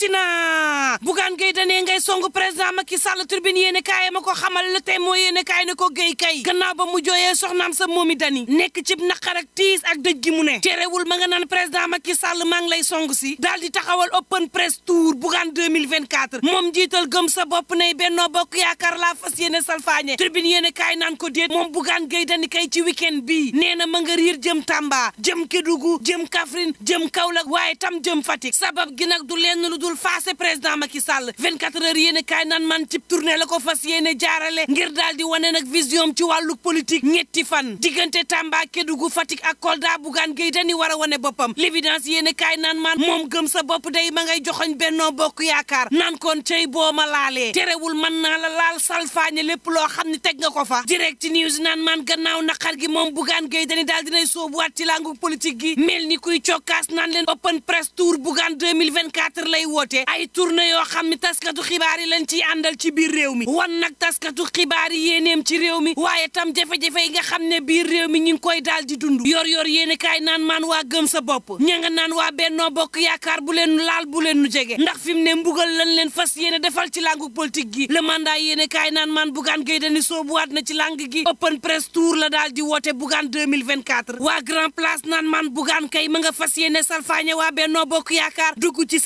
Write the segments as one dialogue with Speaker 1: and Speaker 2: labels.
Speaker 1: cinaa na bugaan gay danee ngay songu président Macky Sall turbine yéene kaay ma ko xamal la tey moo yéene kaay ne ko géy kay gannaaw ba mu jooyee moom i moomi dani nekk cib naqar ak tiis ak dëj gi mu ne wul ma nga naan président Macky Sall maa ngi lay song si daal di taxawal open press tour bugaan 2024 moom jiital gëm sa bopp ne Benno Bokk Yaakaar laa fas yéene salfaañe turbine yéene kaay naan ko déet moom bugaan gay dani kay ci week-end bii nee na ma nga jëm Tamba jëm Kédougou jëm Kaffrine jëm Kaolack waaye tam jëm Fatick sabab gi nag du lenn dootul faase président Macky Sall 24 a kaay naan man cib tournée la ko fas yéene jaarale ngir daal di nag vision ci wàllu politique ñetti fan diggante Tamba Kédougou Fatick ak Kolda Bougane Gueye Dany war a wane boppam l'évidence yéen a kaay naan man moom gëm bopp day ma ngay joxoñ Benno Bokk Yaakaar naan kon cey boo ma terewul mën naa la laal salfaañe lépp loo xam ne teg nga ko fa direct news naan man gannaaw naqar gi moom Bougane Gueye Dany daal dinay woote ay tournée yoo xam ni taskatu xibaar yi lañ ciy àndal ci biir réew mi wan nag taskatu xibaar yi yéeneem ci réew mi waaye tam jafe-jafe nga xam ne biir réew mi ñu ngi koy daal di dund yor yor yéene kaay naan maan waa gëm sa bopp ña nga naan waa bennoo bokk yaakaar bu leen laal bu leen nu jege ndax fi mu ne mbugal lañ leen fas yéene defal ci langu politique gi le mandat yéene kaay naan maan bugaan gay dani soobuwaat na ci lang gi open press tour la daal di woote bugaan 2024 waa grand place naan maan bugaan kay ma nga fas yéene salfaañe waa bennoo yaakaar dugg ci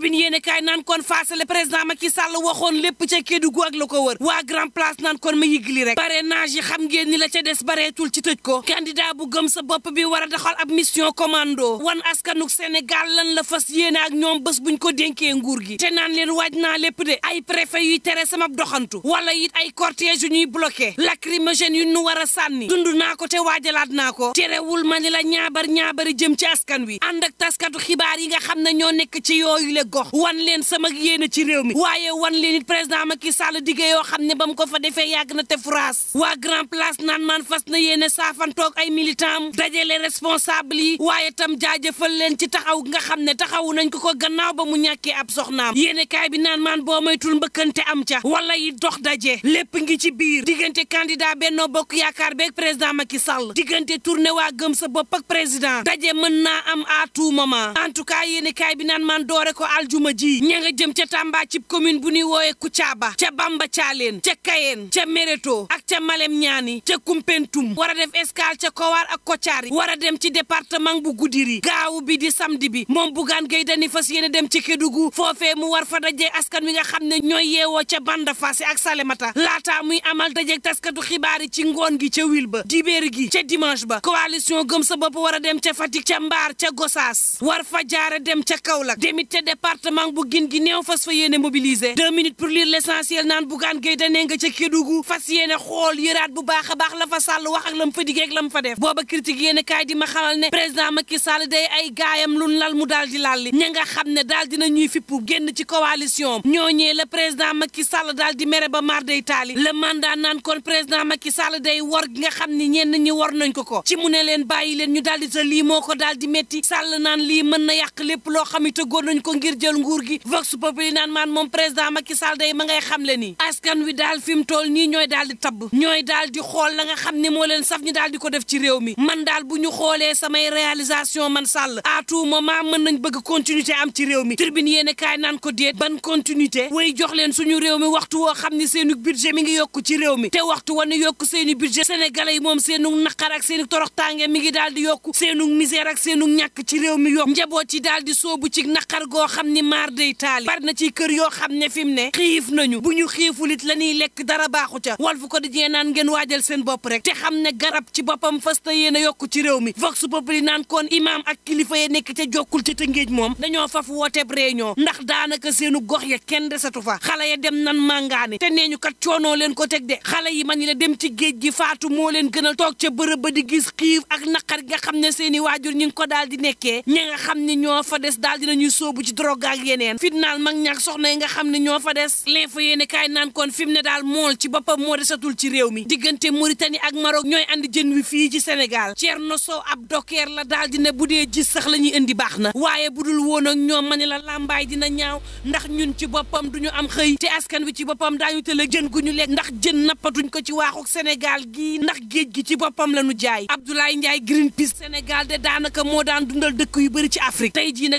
Speaker 1: turbine yéene kaay naan kon faasale président Macky Sall waxoon lépp ca Kédougou ak la ko wër waa grand place naan kon ma yigli rek parrainage yi xam ngeen ni la ca des bareetul ci tëj ko candidat bu gëm bopp bi war a doxal ab mission commando wan askanuk Sénégal lan la fas yéene ak ñoom bés buñ ko dénkee nguur gi te naan leen waaj naa lépp de ay préfet yuy tere sama doxantu wala it ay cortège yu ñuy bloqué lacrymogène yu nu war a sànni dund naa ko te waajalaat naa ko terewul ma la ñaabar ñaabari jëm ci askan wi ànd ak taskatu yi nga xam ñoo nekk ci yooyu la gox wan leen sama yéene ci réew mi waaye wan leen it président Macky Sall dige yoo xam ne ba mu ko fa defee yàgg na te furaas waa grand place naan maan fas na yéene saafantoog ay militant am dajale responsable yi waaye tam jaajëfal leen ci taxaw nga xam ne taxawu nañ ko ko gannaaw ba mu ñàkkee ab soxnaam yéene kaay bi naan maan boo moytul mbëkkante am ca wala yi dox daje lépp ngi ci biir diggante candidat Benno Bokk Yaakaar beeg président Macky Sall diggante tournée waa gëm sa bopp ak président daje mën naa am à tout moment en tout cas yéene kaay bi naan maan doore ko aljuma ji ña a jëm ca Tamba cib commune bu ñuy wooye Kucaaba ca Bamba Caaleen ca Kayeen ca Méréto ak ca Malem Ñaani ca Kumpentum war a def escale ca Kowar ak Kocaari war a dem ci département bu Goudiri gaaw bi di samedi bi moom Bougane Gueye Dany fas yéene dem ci Kédougou foofee mu war fa dajee askan wi nga xam ne ñooy yeewoo ca Bandafassi ak Salémata laataa muy amal dajeeg taskatu xibaar yi ci ngoon gi ca wil ba dibéer gi ca dimanche ba coalition gëm sa bopp war a dem ca Fatick ca Mbaar ca Gosaas war fa jaare dem ca Kaolack demit ca département bu Guinguinéo fas fa yéene mobiliser deux minutes pour lire l'essentiel naan Bougane Gueye Dany nga ca Kédougou fas yéene xool yëraat bu baax a baax la fa Sall wax ak la mu fa la mu fa def booba critique yéene kaay di ma xamal ne président Macky Sall day ay gaayam lu lal mu daal di lalli ña nga xam ne daal dina ñuy fippu génn ci coalition am ñooñee la président Macky Sall daal di mere ba mar day taali le mandat naan président Macky Sall day wor gi nga xam ni ñenn ñi war nañ ko ko ci mu ne leen bàyyi leen ñu daal di lii moo ko daal di métti Sall naan lii mën na yàq lépp loo xam ne tëggoon nañ ko ngir jël nguur gi vox populi naan maan moom président Macky Sall day ma ngay xam le ni askan wi daal fi mu toll nii ñooy daal di tabb ñooy daal di xool la nga xam ni moo leen saf ñi daal di ko def ci réew mi man daal bu ñu xoolee samay réalisation man Sall à tout moment mën nañ bëgg continuité am ci réew mi tribune yéene kaay naan ko déet ban continuité woy jox leen suñu réew mi waxtu woo xam ni seenu budget mi ngi yokku ci réew mi te waxtu wane yokku seeni budget sénégalais yi moom seenu naqar ak seenu toroxtaange mi ngi daal di yokku seenu misère ak seenu ñàkk ci réew mi yokku njaboot ci daal di soobu ci naqar goo xam xam ni maar day taali bari na ci kër yoo xam ne fi mu ne xiif nañu bu ñu xiifulit la ñuy lekk dara baaxu ca Walf Quotidien naan ngeen waajal seen bopp rek te xam ne garab ci boppam fas ta yéen a yokku ci réew mi Vox Populi naan kon imaam ak kilifa ye nekk ca jokkul ca Tëngéej moom dañoo faf wooteb ñoo ndax daanaka seenu gox ya kenn desatu fa xale ya dem nan màngaani te nee ñu kat coonoo leen ko teg de xale yi man la dem ci géej gi faatu moo leen gënal toog ca bërëb ba di gis xiif ak naqar nga xam ne seeni waajur ñi ngi ko daal di nekkee ña nga xam ne ñoo fa des daal dinañuy sóobu ci drogue drogue ak yeneen fitnaal mag ñak soxna yi nga xam ne ñoo fa des l'info yéene kaay naan kon fi mu ne daal mool ci boppam moo desatul ci réew mi diggante Mauritanie ak Maroc ñooy indi jën wi fii ci Sénégal Thierno Sow ab dokeer la daal ne bu dee ji sax la ñuy indi baax na waaye bu dul woon ak ñoom ma ne la làmbaay dina ñaaw ndax ñun ci boppam duñu am xëy ci askan wi ci boppam daañu tëla jën gu ñu lekk ndax jën nappatuñ ko ci waaxuk senegal gii ndax géej gi ci boppam la ñu jaay Abdoulaye Ndiaye Greenpeace Sénégal de daanaka moo daan dundal dëkk yu bëri ci Afrique tey jii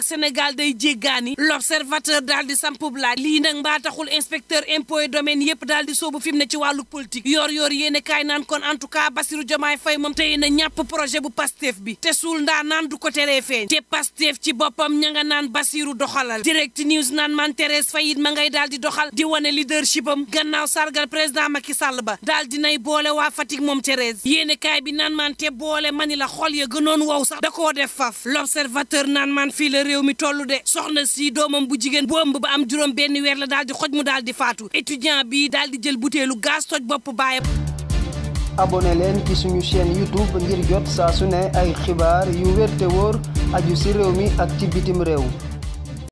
Speaker 1: Mani l'observateur daal di sampub laaj lii nag mbaa taxul inspecteur impôt domaine yëpp daal di soobu fi mu ne ci wàllu politique yor yor yéene kaay naan kon en tout cas Bassirou Diomaye Faye moom tey na ñàpp projet bu Pastef bi te suul naan du ko teree feeñ te ci boppam ña nga naan Bassirou doxalal direct news naan man Thérèse Faye it ma ngay daal di doxal di wane leadership am gannaaw sargal président Macky Sall ba daal di nay boole waa moom Thérèse yéene kaay bi naan man te boole mani la xol ya gënoon wow sax da koo def faf l'observateur naan man fii la réew mi tollu de aussi doomam bu jigéen bu ëmb ba am juróom benn weer la daal di xoj mu daal di faatu étudiant bi daal di jël butéelu gaz toj bopp baayam abonné leen ci suñu chaîne youtube ngir jot saa su ne ay xibaar yu wér te wóor aju si réew mi ak ci bitim réew